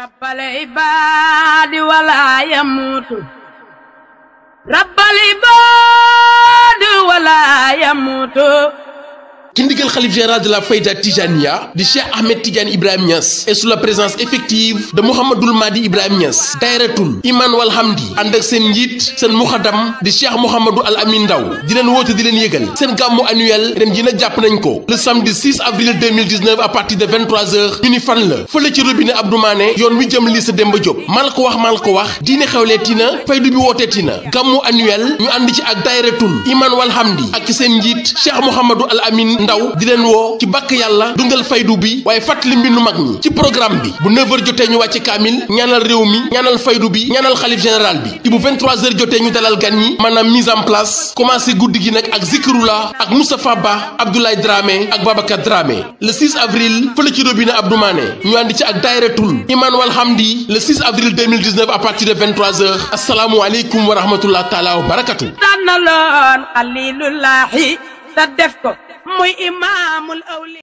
رب العباد ولا يموت رب العباد ولا يموت ci ndigal xalif général de la Fayda Tijaniya di Cheikh Ahmed Tidiane Ibrahim Niass et sous la présence effective de Mouhamadoul Mahdi Ibrahim Niass dayratul iman wal hamdi ànd ak seen njiit seen muxadam di Cheikh Mouhamadou Al Amin Ndaw di leen woote di leen yëgal seen gàmmu annuel ren ji nag jàpp nañ ko le samedi 6 avril 2019 à partir de 23h ñu ni fan la fële ci robinet Abdou Mané yoon wi jëm lii sa Demba Diop mal ko wax mal ko wax diine xewleeti na faydu bi wooteeti na gàmmu annuel ñu ànd ci ak dayratul iman wal hamdi ak seen njiit Cheikh Mouhamadou Al Amin ndaw di leen woo ci bakk yàlla dundal faydu bi waaye fàttali mbindu mag ñi ci programme bi bu 9 jotee ñu wàcc kaamil ñaanal réew mi ñaanal faydu bi ñaanal xalif général bi ci bu 23 jotee ñu dalal gan ñi maanaam mise en place commencé guddi gi nag ak Zikroullah ak Moustapha Ba Abdoulaye Dramé ak Babacar Dramé le 6 avril fële ci robinet Abdou Mané ñu ànd ci ak Dairatul Iman Walhamdi le avril 2019 partir de 23h asalaamualeykum wa te def ko muy imaamul awliya